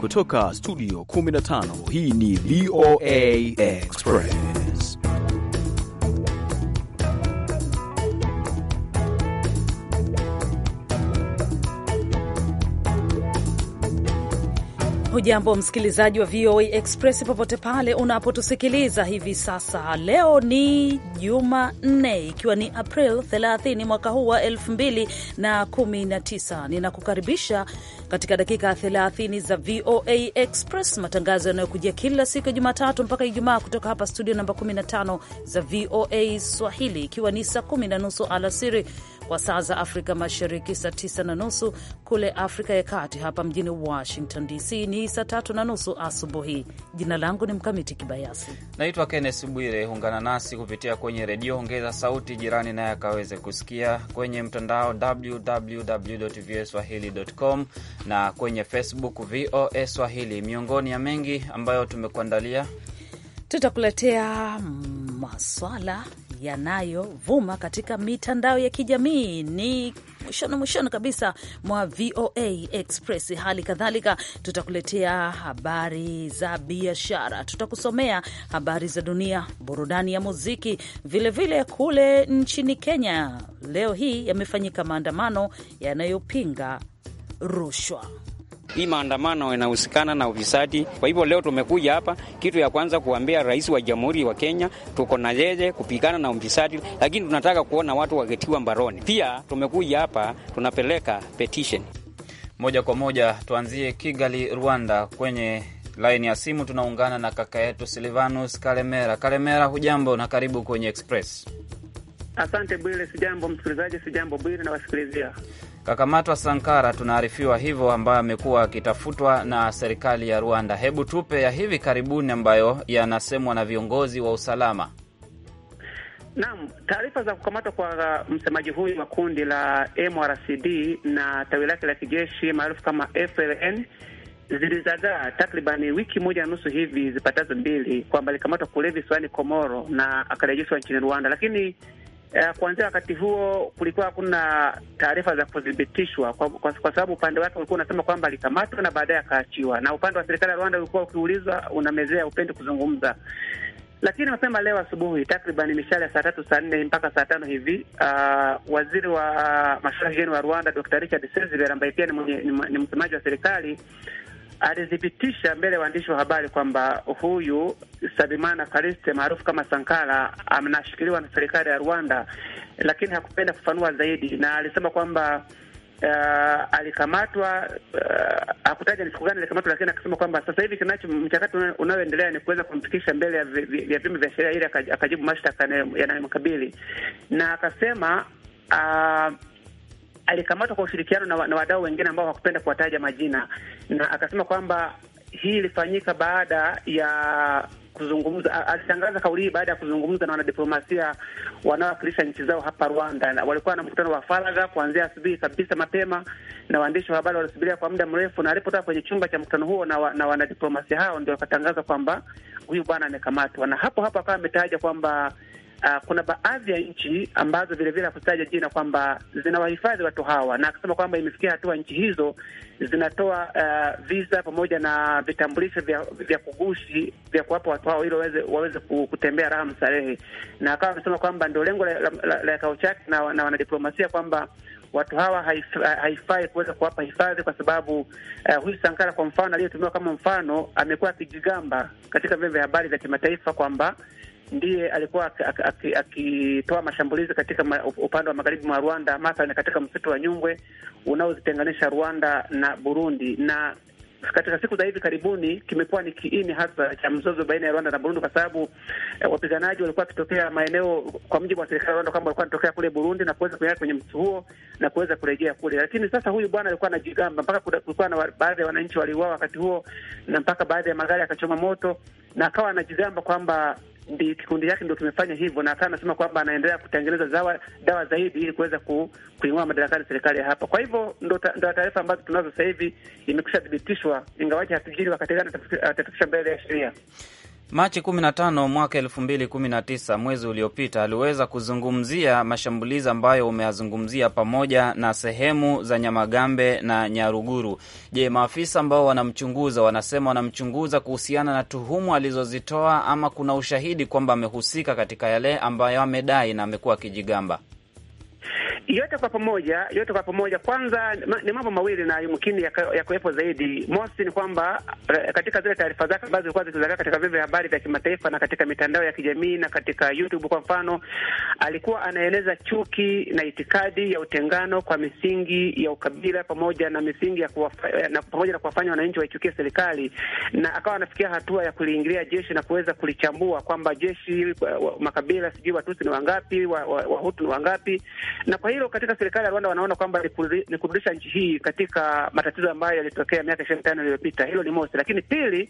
Kutoka studio 15 hii ni VOA Express. Hujambo msikilizaji wa VOA Express popote pale unapotusikiliza hivi sasa. Leo ni Jumanne, ikiwa ni April 30 mwaka huu wa 2019. Ninakukaribisha katika dakika 30 za VOA Express, matangazo yanayokujia kila siku ya Jumatatu mpaka Ijumaa kutoka hapa studio namba 15 za VOA Swahili, ikiwa ni saa kumi na nusu alasiri kwa saa za Afrika Mashariki, saa tisa na nusu kule Afrika ya Kati. Hapa mjini Washington DC ni saa tatu na nusu asubuhi. Jina langu ni Mkamiti Kibayasi, naitwa Kennes Bwire. Ungana nasi kupitia kwenye redio, ongeza sauti jirani naye akaweze kusikia, kwenye mtandao www voa swahili.com na kwenye Facebook VOA Swahili, miongoni ya mengi ambayo tumekuandalia. Tutakuletea maswala yanayovuma katika mitandao ya kijamii ni mwishoni mwishoni kabisa mwa VOA Express. Hali kadhalika tutakuletea habari za biashara, tutakusomea habari za dunia, burudani ya muziki. Vilevile vile kule nchini Kenya leo hii yamefanyika maandamano yanayopinga rushwa. Hii maandamano inahusikana na ufisadi. Kwa hivyo leo tumekuja hapa, kitu ya kwanza kuambia rais wa jamhuri wa Kenya tuko na yeye kupigana na ufisadi, lakini tunataka kuona watu waketiwa mbaroni. Pia tumekuja hapa, tunapeleka petition moja kwa moja. Tuanzie Kigali, Rwanda. Kwenye laini ya simu tunaungana na kaka yetu Silvanus Kalemera. Kalemera, hujambo na karibu kwenye Express. Asante Bwire. Sijambo msikilizaji, sijambo Bwire na wasikilizia Kakamatwa Sankara tunaarifiwa hivyo, ambayo amekuwa akitafutwa na serikali ya Rwanda. Hebu tupe ya hivi karibuni ambayo yanasemwa na viongozi wa usalama. Naam, taarifa za kukamatwa kwa msemaji huyu wa kundi la MRCD na tawi lake la kijeshi maarufu kama FLN zilizagaa takribani wiki moja na nusu hivi zipatazo mbili, kwamba alikamatwa kule visiwani Komoro na akarejeshwa nchini Rwanda, lakini Uh, kuanzia wakati huo kulikuwa hakuna taarifa za kuthibitishwa kwa, kwa, kwa sababu upande wake ulikuwa unasema kwamba alikamatwa na baadaye akaachiwa, na upande wa serikali ya Rwanda ulikuwa ukiulizwa unamezea, upendi kuzungumza. Lakini mapema leo asubuhi takriban mishale ya saa tatu saa nne mpaka saa tano hivi uh, waziri wa uh, mashauri ya kigeni wa Rwanda Dr. Richard Sezibera ambaye pia ni, ni, ni msemaji wa serikali alithibitisha mbele ya waandishi wa habari kwamba huyu sabimana Kariste maarufu kama Sankara anashikiliwa na serikali ya Rwanda, lakini hakupenda kufanua zaidi, na alisema kwamba uh, alikamatwa uh, hakutaja ni siku gani alikamatwa, lakini akasema kwamba sasa hivi kinacho mchakato unaoendelea ni kuweza kumfikisha mbele ya vyombo vya sheria ili akajibu mashtaka yanayomkabili, na akasema uh, alikamatwa kwa ushirikiano na, na wadau wengine ambao hawakupenda kuwataja majina, na akasema kwamba hii ilifanyika baada ya kuzungumza. Alitangaza kauli hii baada ya kuzungumza na wanadiplomasia wanaowakilisha nchi zao hapa Rwanda, na walikuwa na mkutano wa faragha kuanzia asubuhi kabisa mapema, na waandishi wa habari walisubiria kwa muda mrefu, na alipotoka kwenye chumba cha mkutano huo na, na wanadiplomasia hao ndio wakatangaza kwamba huyu bwana amekamatwa, na hapo hapo akawa ametaja kwamba Uh, kuna baadhi ya nchi ambazo vilevile hakutaja jina kwamba zinawahifadhi watu hawa, na akasema kwamba imefikia hatua nchi hizo zinatoa uh, visa pamoja na vitambulisho vya, vya kugusi vya kuwapa watu hao ili waweze, waweze kutembea raha msarehe, na akawa amesema kwamba ndio lengo la, la, la, la kao chake na, na wanadiplomasia kwamba watu hawa haifai kuweza kuwapa hifadhi kwa sababu uh, huyu Sankara kwa mfano aliyetumiwa kama mfano amekuwa akijigamba katika vyombo vya habari vya kimataifa kwamba ndiye alikuwa akitoa mashambulizi katika ma, upande wa magharibi mwa Rwanda, mathalani katika msitu wa Nyungwe unaozitenganisha Rwanda na Burundi. Na katika siku za hivi karibuni kimekuwa ni kiini hasa cha mzozo baina ya Rwanda na Burundi, kwa sababu eh, wapiganaji walikuwa wakitokea maeneo, kwa mujibu wa serikali ya Rwanda, kwamba walikuwa wanatokea kule Burundi na kuweza kuingia kwenye msitu huo na kuweza kurejea kule. Lakini sasa huyu bwana alikuwa anajigamba, mpaka kulikuwa na baadhi ya wananchi waliuawa wakati huo, na mpaka baadhi ya magari yakachoma moto na akawa anajigamba kwamba kikundi chake ndio kimefanya hivyo, na akawa anasema kwamba anaendelea kutengeneza dawa, dawa zaidi ili kuweza ku, kuing'oa madarakani serikali ya hapa. Kwa hivyo ndo taarifa ambazo tunazo sasa hivi, imekwisha thibitishwa, ingawaji hatujui wakati gani atafikisha mbele ya sheria. Machi 15 mwaka 2019, mwezi uliopita, aliweza kuzungumzia mashambulizi ambayo umeyazungumzia pamoja na sehemu za Nyamagambe na Nyaruguru. Je, maafisa ambao wanamchunguza wanasema wanamchunguza kuhusiana na tuhumu alizozitoa ama kuna ushahidi kwamba amehusika katika yale ambayo amedai na amekuwa akijigamba? yote kwa pamoja, yote kwa pamoja, kwanza ni mambo mawili na yumkini yakuwepo ya zaidi. Mosi ni kwamba eh, katika zile taarifa zake ambazo zilikuwa zikizagaa katika vyombo vya habari vya kimataifa na katika mitandao ya kijamii na katika YouTube kwa mfano, alikuwa anaeleza chuki na itikadi ya utengano kwa misingi ya ukabila pamoja na misingi ya kuwafa, eh, na pamoja na kuwafanya wananchi waichukie serikali, na akawa anafikia hatua ya kuliingilia jeshi na kuweza kulichambua kwamba jeshi eh, makabila sijui Watusi ni wangapi, Wahutu wa, wa ni wangapi, na kwa hiyo hilo katika serikali ya Rwanda wanaona kwamba ni kurudisha nchi hii katika matatizo ambayo yalitokea miaka ishirini na tano iliyopita. Hilo ni mosi, lakini pili,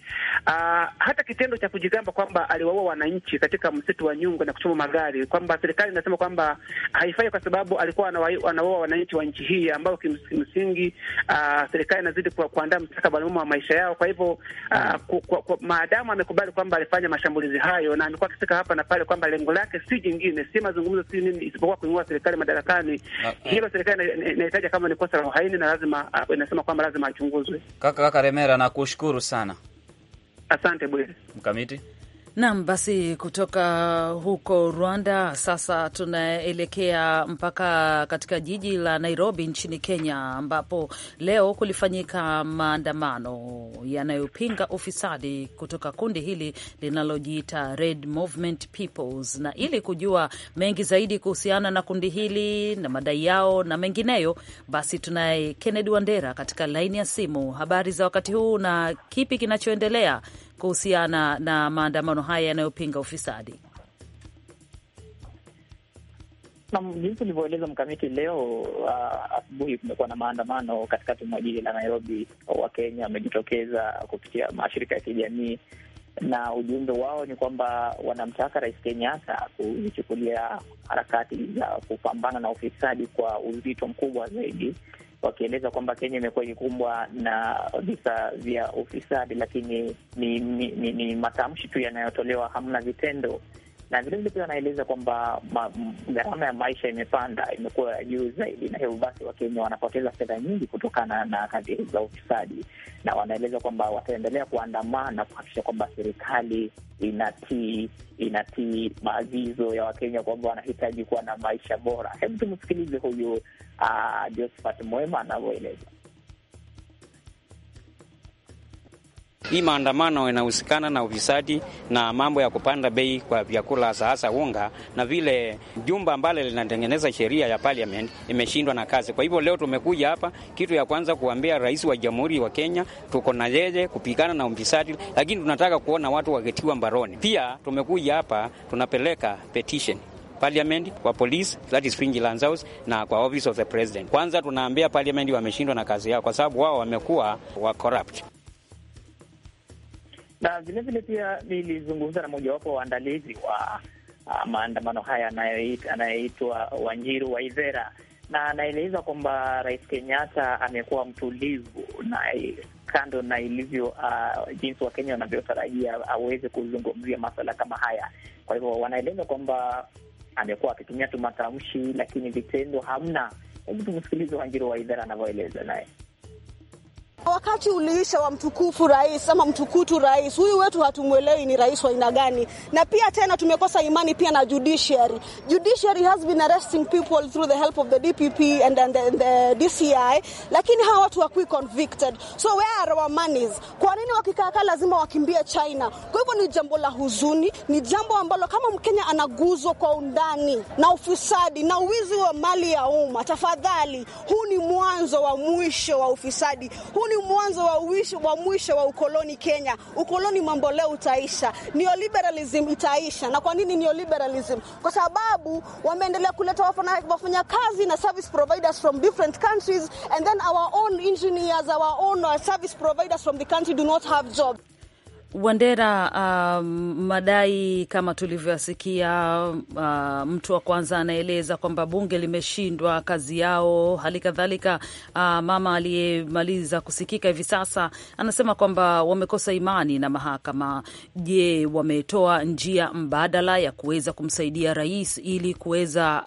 uh, hata kitendo cha kujigamba kwamba aliwaua wananchi katika msitu wa Nyungwe na kuchoma magari, kwamba serikali inasema kwamba haifai kwa sababu alikuwa anawaua wananchi wa nchi hii ambao kimsingi, uh, serikali inazidi kuandaa mstakabali wa maisha yao. Kwa hivyo uh, maadamu amekubali kwamba alifanya mashambulizi hayo na amekuwa akifika hapa na pale kwamba lengo lake si jingine, si mazungumzo, si nini, isipokuwa kuing'oa serikali madarakani uhaini. Ah, Hilo ah. serikali inahitaja kama ni kosa la uhaini, na lazima ah, inasema kwamba lazima achunguzwe. Kaka kaka Remera, nakushukuru sana, asante bwana mkamiti. Nam, basi kutoka huko Rwanda sasa tunaelekea mpaka katika jiji la Nairobi nchini Kenya, ambapo leo kulifanyika maandamano yanayopinga ufisadi kutoka kundi hili linalojiita Red Movement Peoples. Na ili kujua mengi zaidi kuhusiana na kundi hili na madai yao na mengineyo, basi tunaye Kennedy Wandera katika laini ya simu. Habari za wakati huu na kipi kinachoendelea? kuhusiana na maandamano haya yanayopinga ufisadi? Jinsi ulivyoeleza mkamiti, leo uh, asubuhi kumekuwa na maandamano katikati mwa jiji la Nairobi. Wakenya wamejitokeza kupitia mashirika ya kijamii, na ujumbe wao ni kwamba wanamtaka Rais Kenyatta kuzichukulia harakati za kupambana na ufisadi kwa uzito mkubwa zaidi wakieleza kwamba Kenya imekuwa ikikumbwa na visa vya ufisadi, lakini ni, ni, ni, ni matamshi tu yanayotolewa, hamna vitendo. Na vilevile pia wanaeleza kwamba gharama ya maisha imepanda, imekuwa ya juu zaidi, na hivyo basi Wakenya wanapoteza fedha nyingi kutokana na kazi hizi za ufisadi, na wanaeleza kwamba wataendelea kuandamana kuhakikisha kwamba serikali inatii inatii maagizo ya Wakenya kwamba wanahitaji kuwa na maisha bora. Hebu tumsikilize huyu Josephat ah, Mwema anavyoeleza. Hii maandamano inahusikana na ufisadi na mambo ya kupanda bei kwa vyakula, hasa unga, na vile jumba ambalo linatengeneza sheria ya parliament imeshindwa na kazi. Kwa hivyo leo tumekuja hapa, kitu ya kwanza kuambia rais wa jamhuri wa Kenya tuko na yeye kupigana na ufisadi, lakini tunataka kuona watu wakitiwa mbaroni. Pia tumekuja hapa tunapeleka petition parliament, kwa police that is Lands House na kwa office of the president. Kwanza tunaambia parliament wameshindwa na kazi yao, kwa sababu wao wamekuwa wa corrupt na vilevile pia nilizungumza na mojawapo wa waandalizi wa uh, maandamano haya anayeitwa Wanjiru wa na anaeleza kwamba Rais Kenyatta amekuwa mtulivu na kando na ilivyo uh, jinsi Wakenya wanavyotarajia aweze kuzungumzia maswala kama haya. Kwa hivyo wanaeleza kwamba amekuwa akitumia tu matamshi, lakini vitendo hamna. Hebu tumsikilize Wanjiru wa idhara anavyoeleza naye. Wakati uliisha wa mtukufu rais ama mtukutu rais huyu wetu, hatumwelewi ni rais wa aina gani. Na pia tena tumekosa imani pia na judiciary. Judiciary has been arresting people through the help of the DPP and, and, the, and the DCI, lakini hawa watu wakui convicted, so where are our monies? Kwa nini wakikaakaa lazima wakimbie China? Kwa hivyo ni jambo la huzuni, ni jambo ambalo kama Mkenya anaguzwa kwa undani na ufisadi na uwizi wa mali ya umma, tafadhali, huu ni mwanzo wa mwisho wa ufisadi. Huu ni mwanzo wa uwisho, wa mwisho wa ukoloni Kenya. Ukoloni mambo leo utaisha, neoliberalism itaisha. Na kwa nini neoliberalism? Kwa sababu wameendelea kuleta wafanyakazi na service providers from different countries and then our own engineers, our own uh, service providers from the country do not have job. Wandera, uh, madai kama tulivyoyasikia, uh, mtu wa kwanza anaeleza kwamba bunge limeshindwa kazi yao. Hali kadhalika uh, mama aliyemaliza kusikika hivi sasa anasema kwamba wamekosa imani na mahakama. Je, wametoa njia mbadala ya kuweza kumsaidia rais ili kuweza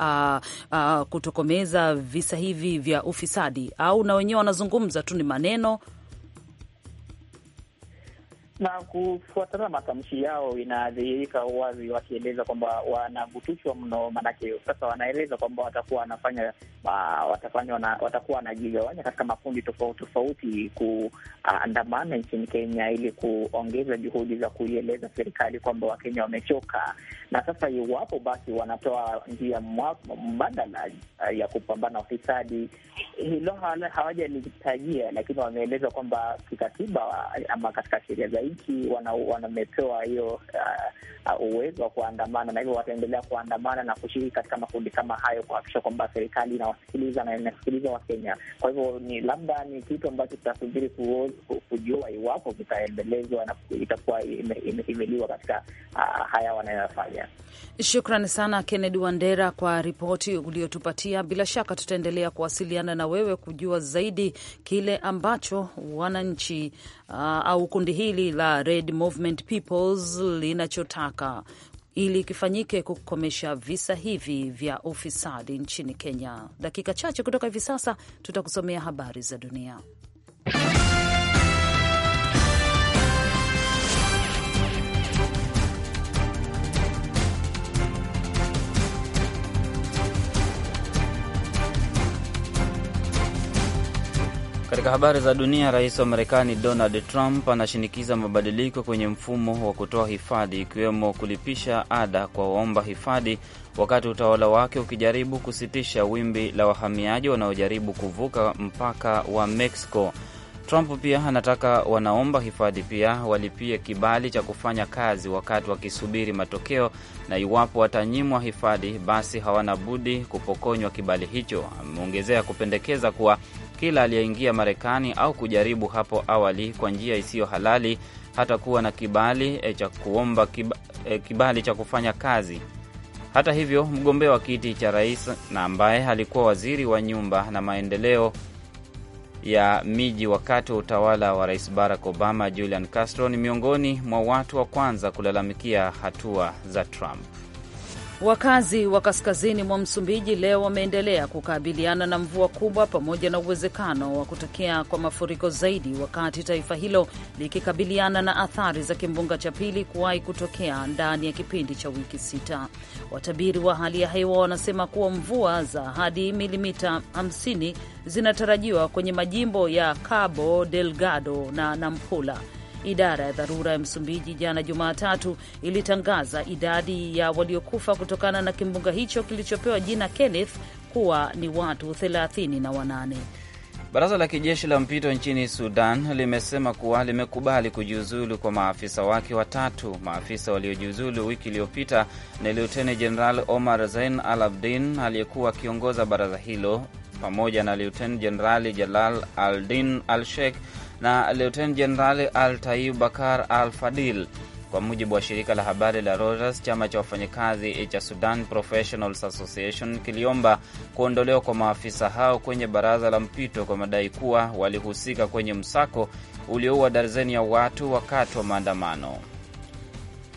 uh, uh, kutokomeza visa hivi vya ufisadi, au na wenyewe wanazungumza tu ni maneno na kufuatana matamshi yao inadhihirika wazi, wakieleza kwamba wanavutushwa mno, maanake sasa wanaeleza kwamba watakuwa wanafanya watafanya watakuwa wanajigawanya katika makundi tofauti tofauti kuandamana nchini Kenya ili kuongeza juhudi za kuieleza serikali kwamba Wakenya wamechoka, na sasa iwapo basi wanatoa njia mbadala ya kupambana ufisadi, hilo hawajalitajia, lakini wameeleza kwamba kikatiba ama katika sheria zaidi wananchi wamepewa hiyo uh, uh, uwezo wa kuandamana, na hivyo wataendelea kuandamana na kushiriki katika makundi kama hayo kuhakikisha kwamba serikali inawasikiliza na inasikiliza Wakenya. Kwa hivyo ni labda ni kitu ambacho tutasubiri kujua iwapo kitaendelezwa na itakuwa imeliwa katika uh, haya wanayofanya. Shukran sana Kennedy Wandera kwa ripoti uliotupatia. Bila shaka tutaendelea kuwasiliana na wewe kujua zaidi kile ambacho wananchi uh, au kundi hili la Red Movement Peoples linachotaka ili kifanyike kukomesha visa hivi vya ufisadi nchini Kenya. Dakika chache kutoka hivi sasa tutakusomea habari za dunia. habari za dunia, rais wa Marekani Donald Trump anashinikiza mabadiliko kwenye mfumo wa kutoa hifadhi, ikiwemo kulipisha ada kwa waomba hifadhi, wakati utawala wake ukijaribu kusitisha wimbi la wahamiaji wanaojaribu kuvuka mpaka wa Mexico. Trump pia anataka wanaomba hifadhi pia walipie kibali cha kufanya kazi wakati wakisubiri matokeo, na iwapo watanyimwa hifadhi, basi hawana budi kupokonywa kibali hicho. Ameongezea kupendekeza kuwa kila aliyeingia Marekani au kujaribu hapo awali kwa njia isiyo halali hata kuwa na kibali e, cha kuomba kiba, e, kibali cha kufanya kazi. Hata hivyo, mgombea wa kiti cha rais na ambaye alikuwa waziri wa nyumba na maendeleo ya miji wakati wa utawala wa Rais Barack Obama, Julian Castro ni miongoni mwa watu wa kwanza kulalamikia hatua za Trump. Wakazi wa kaskazini mwa Msumbiji leo wameendelea kukabiliana na mvua kubwa pamoja na uwezekano wa kutokea kwa mafuriko zaidi, wakati taifa hilo likikabiliana na athari za kimbunga cha pili kuwahi kutokea ndani ya kipindi cha wiki sita. Watabiri wa hali ya hewa wanasema kuwa mvua za hadi milimita 50 zinatarajiwa kwenye majimbo ya Cabo Delgado na Nampula Idara ya dharura ya Msumbiji jana Jumatatu ilitangaza idadi ya waliokufa kutokana na kimbunga hicho kilichopewa jina Kenneth kuwa ni watu 38. Baraza la kijeshi la mpito nchini Sudan limesema kuwa limekubali kujiuzulu kwa maafisa wake watatu. Maafisa waliojiuzulu wiki iliyopita ni Luteni Jeneral Omar Zein Al Abdin aliyekuwa akiongoza baraza hilo pamoja na Lieutenant Jenerali Jalal Aldin Al Sheikh na Lieutenant Jenerali Al Tayib Bakar Al Fadil. Kwa mujibu wa shirika la habari la Reuters, chama cha wafanyakazi cha Sudan Professionals Association kiliomba kuondolewa kwa maafisa hao kwenye baraza la mpito kwa madai kuwa walihusika kwenye msako ulioua darzeni ya watu wakati wa maandamano.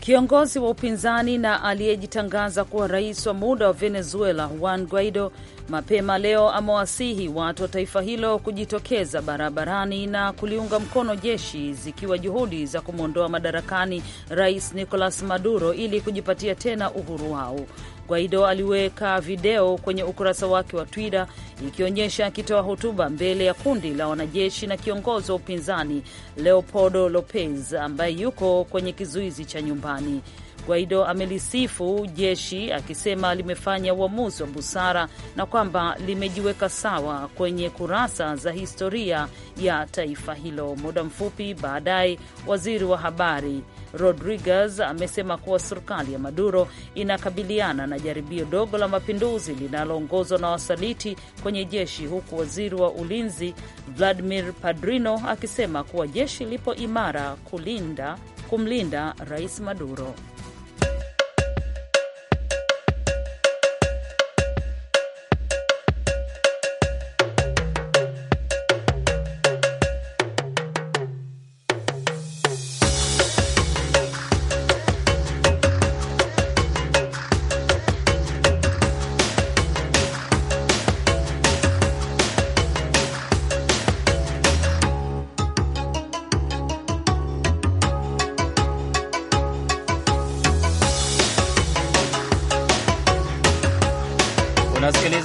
Kiongozi wa upinzani na aliyejitangaza kuwa rais wa muda wa Venezuela Juan Guaido mapema leo amewasihi watu wa taifa hilo kujitokeza barabarani na kuliunga mkono jeshi, zikiwa juhudi za kumwondoa madarakani rais Nicolas Maduro ili kujipatia tena uhuru wao. Guaido aliweka video kwenye ukurasa wake wa Twitter ikionyesha akitoa hotuba mbele ya kundi la wanajeshi na kiongozi wa upinzani Leopoldo Lopez ambaye yuko kwenye kizuizi cha nyumbani. Guaido amelisifu jeshi akisema limefanya uamuzi wa busara na kwamba limejiweka sawa kwenye kurasa za historia ya taifa hilo. Muda mfupi baadaye, waziri wa habari Rodriguez amesema kuwa serikali ya Maduro inakabiliana na jaribio dogo la mapinduzi linaloongozwa na wasaliti kwenye jeshi, huku waziri wa ulinzi Vladimir Padrino akisema kuwa jeshi lipo imara kulinda kumlinda Rais Maduro.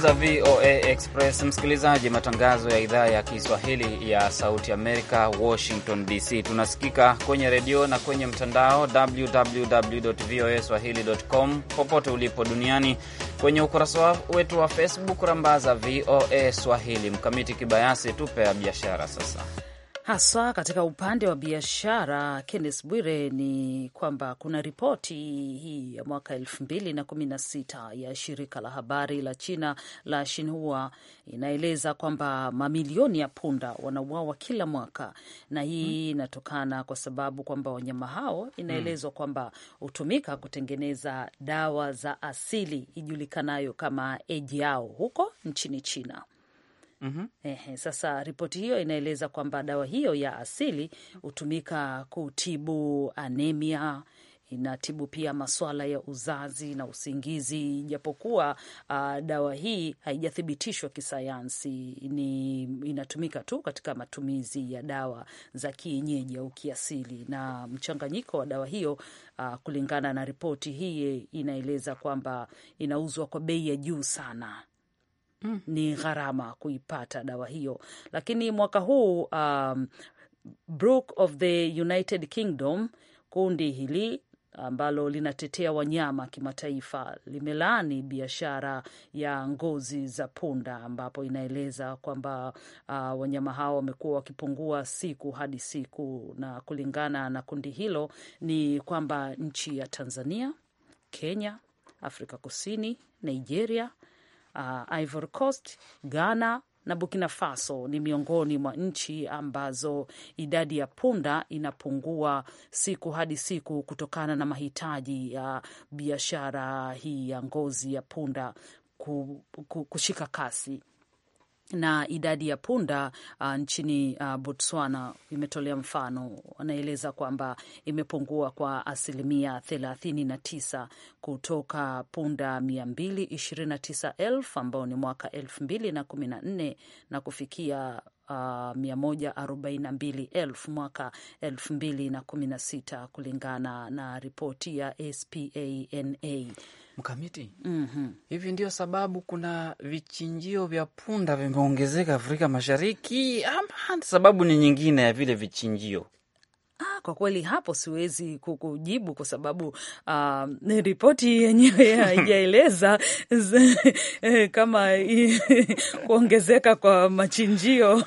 kusikiliza VOA Express msikilizaji, matangazo ya idhaa ya Kiswahili ya Sauti Amerika, Washington DC. Tunasikika kwenye redio na kwenye mtandao www voa swahili.com, popote ulipo duniani, kwenye ukurasa wetu wa Facebook, rambaza VOA Swahili. Mkamiti Kibayasi, tupe ya biashara sasa haswa katika upande wa biashara. kennes Bwire, ni kwamba kuna ripoti hii ya mwaka elfu mbili na kumi na sita ya shirika la habari la China la Shinhua inaeleza kwamba mamilioni ya punda wanauawa kila mwaka, na hii hmm. inatokana hmm, kwa sababu kwamba wanyama hao inaelezwa hmm. kwamba hutumika kutengeneza dawa za asili ijulikanayo kama ejiao huko nchini China mm -hmm. Ehe, sasa ripoti hiyo inaeleza kwamba dawa hiyo ya asili hutumika kutibu anemia inatibu pia maswala ya uzazi na usingizi, japokuwa uh, ah, dawa hii haijathibitishwa kisayansi. Ni inatumika tu katika matumizi ya dawa za kienyeji au kiasili, na mchanganyiko wa dawa hiyo uh, kulingana na ripoti hii inaeleza kwamba inauzwa kwa bei ya juu sana Mm. ni gharama kuipata dawa hiyo, lakini mwaka huu um, Brook of the United Kingdom, kundi hili ambalo linatetea wanyama kimataifa limelaani biashara ya ngozi za punda, ambapo inaeleza kwamba uh, wanyama hao wamekuwa wakipungua siku hadi siku, na kulingana na kundi hilo ni kwamba nchi ya Tanzania, Kenya, Afrika Kusini, Nigeria uh, Ivory Coast, Ghana na Burkina Faso ni miongoni mwa nchi ambazo idadi ya punda inapungua siku hadi siku kutokana na mahitaji ya biashara hii ya ngozi ya punda kushika kasi na idadi ya punda uh, nchini uh, Botswana imetolea mfano, wanaeleza kwamba imepungua kwa asilimia thelathini na tisa kutoka punda mia mbili ishirini na tisa elfu ambao ni mwaka elfu mbili na kumi na nne na kufikia 142,000 mwaka 2016 kulingana na ripoti ya SPANA. Mkamiti, mm -hmm. Hivi ndio sababu kuna vichinjio vya punda vimeongezeka Afrika Mashariki, ama sababu ni nyingine ya vile vichinjio? Ah, kwa kweli hapo siwezi kukujibu kwa sababu uh, ripoti yenyewe haijaeleza kama kuongezeka kwa machinjio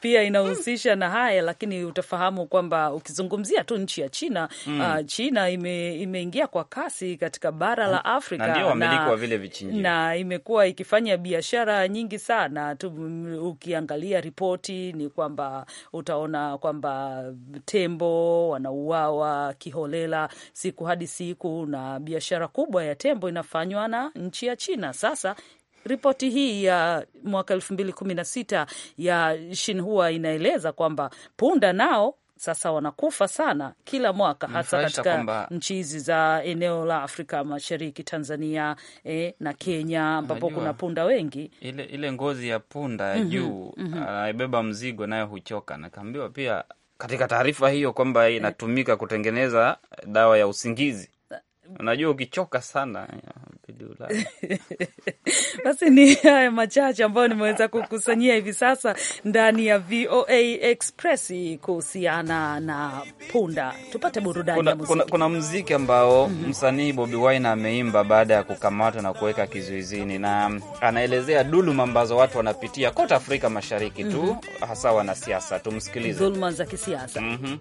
pia inahusisha na haya, lakini utafahamu kwamba ukizungumzia tu nchi ya China mm. uh, China ime, imeingia kwa kasi katika bara la Afrika na, na, na imekuwa ikifanya biashara nyingi sana tu. Ukiangalia ripoti ni kwamba utaona kwamba tembo wanauawa kiholela siku hadi siku, na biashara kubwa ya tembo inafanywa na nchi ya China. Sasa ripoti hii ya mwaka elfu mbili kumi na sita ya Shinhua inaeleza kwamba punda nao sasa wanakufa sana kila mwaka hasa katika kumba... nchi hizi za eneo la Afrika Mashariki, Tanzania eh, na Kenya ambapo kuna punda wengi. Ile, ile ngozi ya punda ya mm -hmm, juu mm -hmm. anaibeba mzigo nayo huchoka. Nakaambiwa pia katika taarifa hiyo kwamba inatumika kutengeneza dawa ya usingizi. Eh. Unajua, ukichoka sana Ulaya. Basi ni haya machache ambayo nimeweza kukusanyia hivi sasa ndani ya VOA Express kuhusiana na punda. Tupate burudani kuna, Kuna, kuna mziki ambao mm -hmm. msanii Bobi Wine ameimba baada ya kukamatwa na kuweka kizuizini, na anaelezea dhuluma ambazo watu wanapitia kote Afrika Mashariki tu mm -hmm. hasa wanasiasa. Tumsikilize. dhuluma za kisiasa mm -hmm.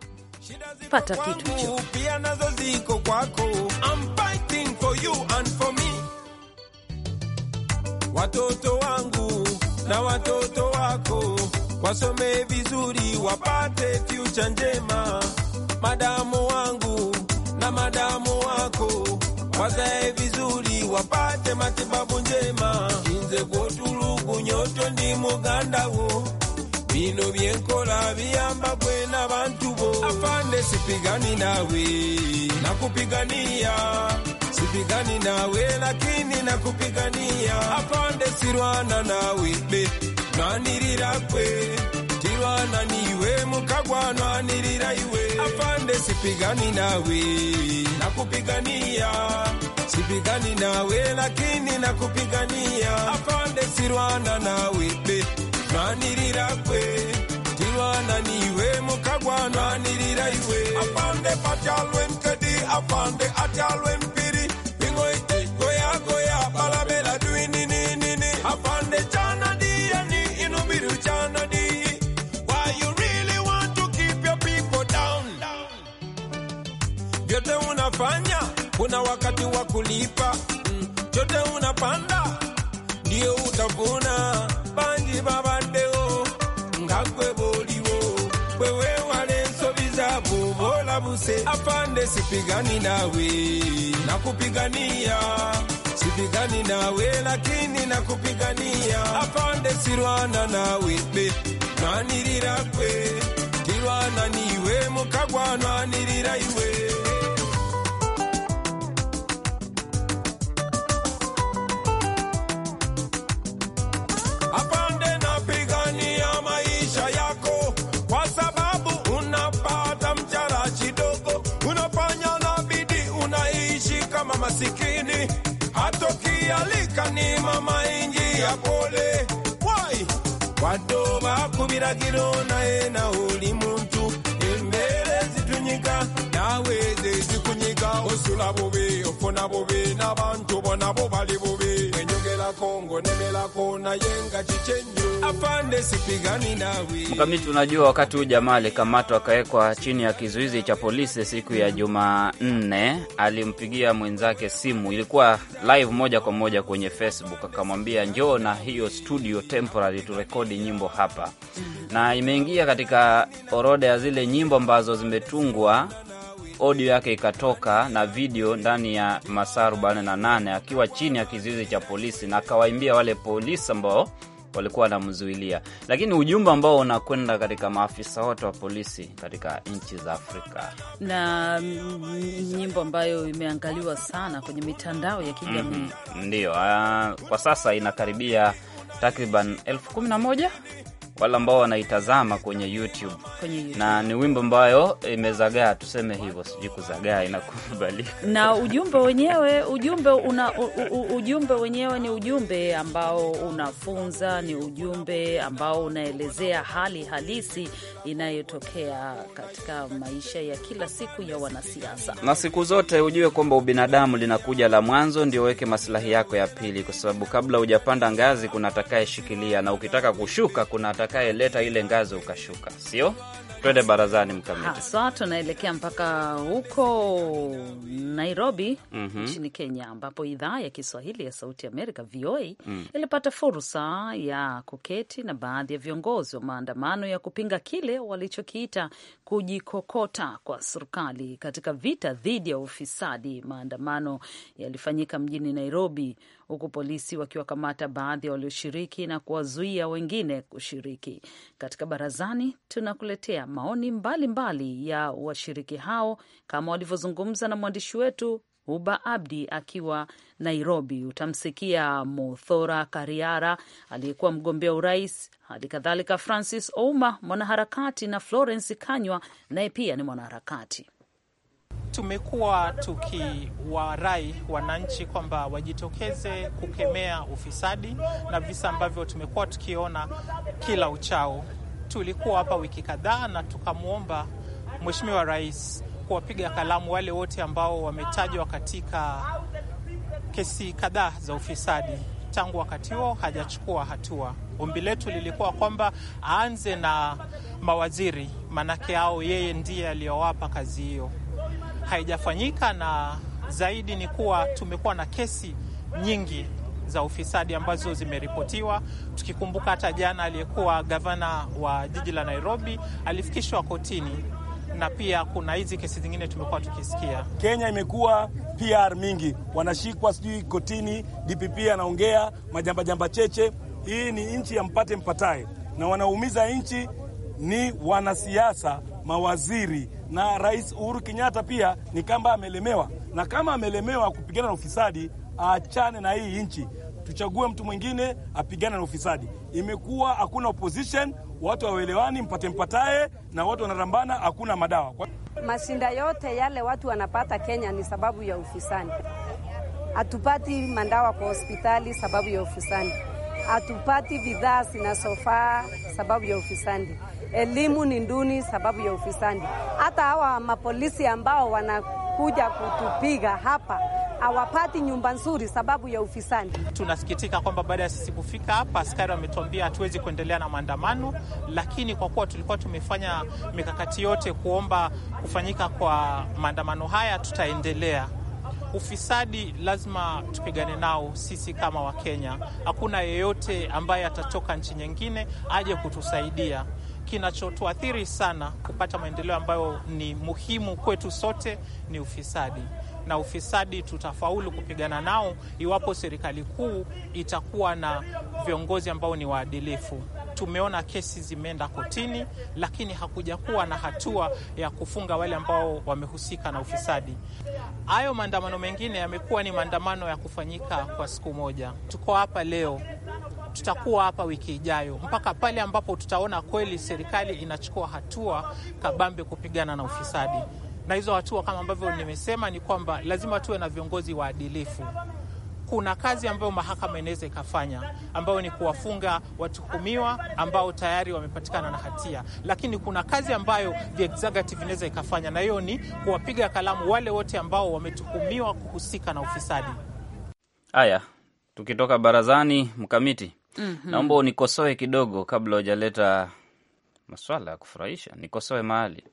Pata kitu hicho. Pia nazo ziko kwako. I'm fighting for you and for me watoto wangu na watoto wako wasome vizuri, wapate future njema. Madamu wangu na madamu wako wazae vizuri, wapate matibabu njema. inze kwotulugu nyoto ndi wo bino byenkola biyamba bwena na bantu bo afande, sipigani nawe nakupigania sipigani nawe, lakini nakupigania apande sirwana nawe be nwanirira kwe tirwana niwe mukagwa nwanirira iwe apande sipigani nawe nakupigania sipigani nawe, lakini nakupigania apande sirwana nawe be nwanirira kwe tirwana niwe mukagwa nwanirira iwe apande patyalwe mkedi apande atyalwe bila kulipa mm. Chote unapanda ndio utavuna banji babandeo ngakwe boliwo wewe wale nsobi zabo bola buse apande sipigani nawe nakupigania sipigani nawe lakini nakupigania apande sirwana nawe be nanirira kwe kirwana niwe mukagwa nanirira iwe Africa ni mama inji ya pole wai watu bakubira kiro naye na uli muntu embere zitunyika nawe zezikunyika osula bubi ofuna bubi n'abantu bona bo bali bubi enyogera kongo Mkamiti, unajua wakati huu jamaa alikamatwa akawekwa chini ya kizuizi cha polisi siku ya Jumanne, alimpigia mwenzake simu, ilikuwa live moja kwa moja kwenye Facebook, akamwambia njoo na hiyo studio temporary turekodi nyimbo hapa, na imeingia katika orodha ya zile nyimbo ambazo zimetungwa audio yake ikatoka na video ndani ya masaa 48 akiwa chini ya kizuizi cha polisi, na akawaimbia wale polisi ambao walikuwa wanamzuilia. Lakini ujumbe ambao unakwenda katika maafisa wote wa polisi katika nchi za Afrika, na mm, nyimbo ambayo imeangaliwa sana kwenye mitandao ya kijamii mm -hmm. Ndio, uh, kwa sasa inakaribia takriban elfu kumi na moja wale ambao wanaitazama kwenye YouTube. Kwenye YouTube na ni wimbo ambayo imezagaa, tuseme hivyo, sijui kuzagaa inakubalika na ujumbe wenyewe ujumbe una, u, u, ujumbe wenyewe ni ujumbe ambao unafunza, ni ujumbe ambao unaelezea hali halisi inayotokea katika maisha ya kila siku ya wanasiasa. Na siku zote ujue kwamba ubinadamu linakuja la mwanzo ndio weke masilahi yako ya pili, kwa sababu kabla hujapanda ngazi kuna atakayeshikilia, na ukitaka kushuka kuna atakayeleta ile ngazi ukashuka, sio? Twende barazani mkamiti haswa. Tunaelekea mpaka huko Nairobi mm -hmm. nchini Kenya, ambapo idhaa ya Kiswahili ya Sauti Amerika VOA mm. ilipata fursa ya kuketi na baadhi ya viongozi wa maandamano ya kupinga kile walichokiita kujikokota kwa serikali katika vita dhidi ya ufisadi. Maandamano yalifanyika mjini Nairobi huku polisi wakiwakamata baadhi ya walioshiriki na kuwazuia wengine kushiriki. Katika barazani, tunakuletea maoni mbalimbali mbali ya washiriki hao kama walivyozungumza na mwandishi wetu Huba Abdi akiwa Nairobi. Utamsikia Mothora Kariara aliyekuwa mgombea urais, hali kadhalika Francis Ouma mwanaharakati, na Florence Kanywa naye pia ni mwanaharakati tumekuwa tukiwarai wananchi kwamba wajitokeze kukemea ufisadi na visa ambavyo tumekuwa tukiona kila uchao. Tulikuwa hapa wiki kadhaa na tukamwomba Mheshimiwa Rais kuwapiga kalamu wale wote ambao wametajwa katika kesi kadhaa za ufisadi. Tangu wakati huo hajachukua hatua. Ombi letu lilikuwa kwamba aanze na mawaziri, manake hao yeye ndiye aliyowapa kazi hiyo haijafanyika, na zaidi ni kuwa tumekuwa na kesi nyingi za ufisadi ambazo zimeripotiwa, tukikumbuka hata jana aliyekuwa gavana wa jiji la Nairobi alifikishwa kotini, na pia kuna hizi kesi zingine tumekuwa tukisikia. Kenya imekuwa PR mingi, wanashikwa sijui kotini, DPP anaongea majambajamba cheche. Hii ni nchi ya mpate mpatae, na wanaumiza nchi ni wanasiasa, mawaziri na Rais Uhuru Kenyatta pia ni kamba amelemewa, na kama amelemewa kupigana na ufisadi, aachane na hii nchi, tuchague mtu mwingine apigane na ufisadi. Imekuwa hakuna opposition, watu hawaelewani, mpate mpatae, na watu wanarambana, hakuna madawa. Masinda yote yale watu wanapata Kenya ni sababu ya ufisadi. Hatupati mandawa kwa hospitali sababu ya ufisadi, hatupati bidhaa zinazofaa sababu ya ufisadi elimu ni nduni sababu ya ufisadi. Hata hawa mapolisi ambao wanakuja kutupiga hapa hawapati nyumba nzuri sababu ya ufisadi. Tunasikitika kwamba baada ya sisi kufika hapa, askari wametuambia hatuwezi kuendelea na maandamano, lakini kwa kuwa tulikuwa tumefanya mikakati yote kuomba kufanyika kwa maandamano haya, tutaendelea. Ufisadi lazima tupigane nao sisi kama Wakenya. Hakuna yeyote ambaye atatoka nchi nyingine aje kutusaidia kinachotuathiri sana kupata maendeleo ambayo ni muhimu kwetu sote ni ufisadi, na ufisadi tutafaulu kupigana nao iwapo serikali kuu itakuwa na viongozi ambao ni waadilifu. Tumeona kesi zimeenda kotini, lakini hakuja kuwa na hatua ya kufunga wale ambao wamehusika na ufisadi. Hayo maandamano mengine yamekuwa ni maandamano ya kufanyika kwa siku moja. Tuko hapa leo tutakuwa hapa wiki ijayo mpaka pale ambapo tutaona kweli serikali inachukua hatua kabambe kupigana na ufisadi. Na hizo hatua kama ambavyo nimesema ni kwamba lazima tuwe na viongozi waadilifu. Kuna kazi ambayo mahakama inaweza ikafanya ambayo ni kuwafunga watuhumiwa ambao tayari wamepatikana na hatia, lakini kuna kazi ambayo the executive inaweza ikafanya, na hiyo ni kuwapiga kalamu wale wote ambao wametuhumiwa kuhusika na ufisadi. Haya, tukitoka barazani, mkamiti -hmm. Naomba unikosoe kidogo kabla hujaleta maswala ya kufurahisha, nikosoe mahali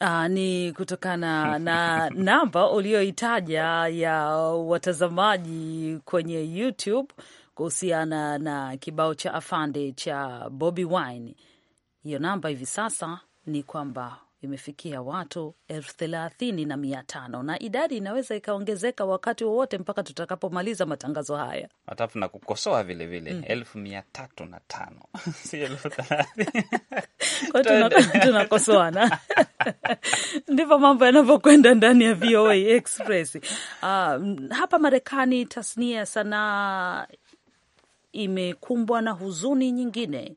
Aa, ah, ni kutokana na namba uliyoitaja ya watazamaji kwenye YouTube kuhusiana na kibao cha afande cha Bobby Wine. Hiyo namba hivi sasa ni kwamba imefikia watu elfu thelathini na mia tano na idadi inaweza ikaongezeka wakati wowote mpaka tutakapomaliza matangazo haya. Atafu na kukosoa vilevile mm. elfu mia tatu na tano si elfu thelathini tunakosoana. Ndivyo mambo yanavyokwenda ndani ya VOA Express. Uh, hapa Marekani tasnia ya sanaa imekumbwa na huzuni nyingine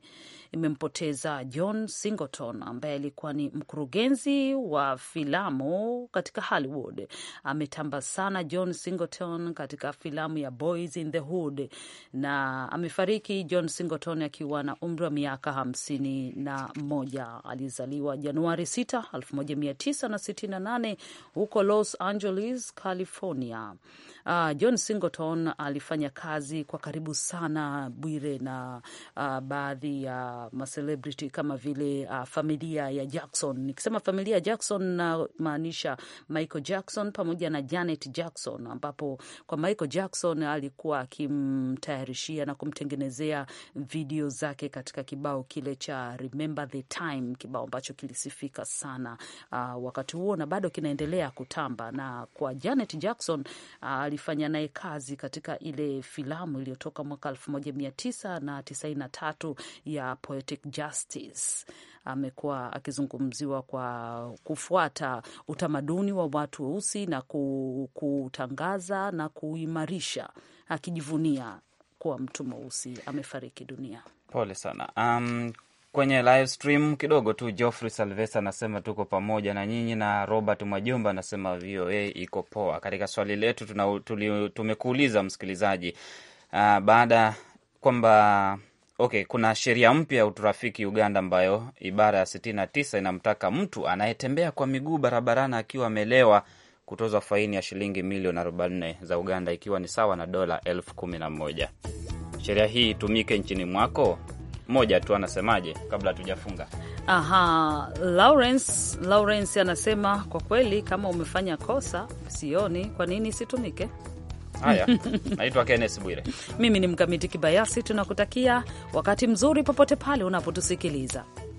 imempoteza John Singleton ambaye alikuwa ni mkurugenzi wa filamu katika Hollywood. Ametamba sana John Singleton katika filamu ya Boys in the Hood, na amefariki John Singleton akiwa na umri wa miaka hamsini na moja. Alizaliwa Januari 6, 1968 huko Los Angeles, California uh, John Singleton alifanya kazi kwa karibu sana Bwire na uh, baadhi ya uh, macelebrity kama vile uh, familia ya Jackson. Nikisema familia ya Jackson namaanisha Michael Jackson pamoja na Janet Jackson, ambapo kwa Michael Jackson alikuwa akimtayarishia na kumtengenezea video zake katika kibao kile cha Remember the Time, kibao ambacho kilisifika sana uh, wakati huo na bado kinaendelea kutamba. Na kwa Janet Jackson uh, alifanya naye kazi katika ile filamu iliyotoka mwaka tatu ya Poetic Justice. Amekuwa akizungumziwa kwa kufuata utamaduni wa watu weusi na kutangaza na kuimarisha, akijivunia kuwa mtu mweusi. Amefariki dunia. Pole sana. Um, kwenye live stream kidogo tu. Geoffrey Salvesa anasema tuko pamoja na nyinyi, na Robert Mwajumba anasema VOA iko poa. Katika swali letu tumekuuliza msikilizaji, uh, baada kwamba Okay, kuna sheria mpya ya utrafiki Uganda ambayo ibara ya sitini na tisa inamtaka mtu anayetembea kwa miguu barabarani akiwa amelewa kutozwa faini ya shilingi milioni arobaini za Uganda, ikiwa ni sawa na dola elfu kumi na moja. Sheria hii itumike nchini mwako? moja tu, anasemaje kabla hatujafunga? Aha, Lawrence, Lawrence anasema kwa kweli, kama umefanya kosa, sioni kwa nini situmike Haya, naitwa Kennes Bwire, mimi ni Mkamiti Kibayasi. Tunakutakia wakati mzuri popote pale unapotusikiliza.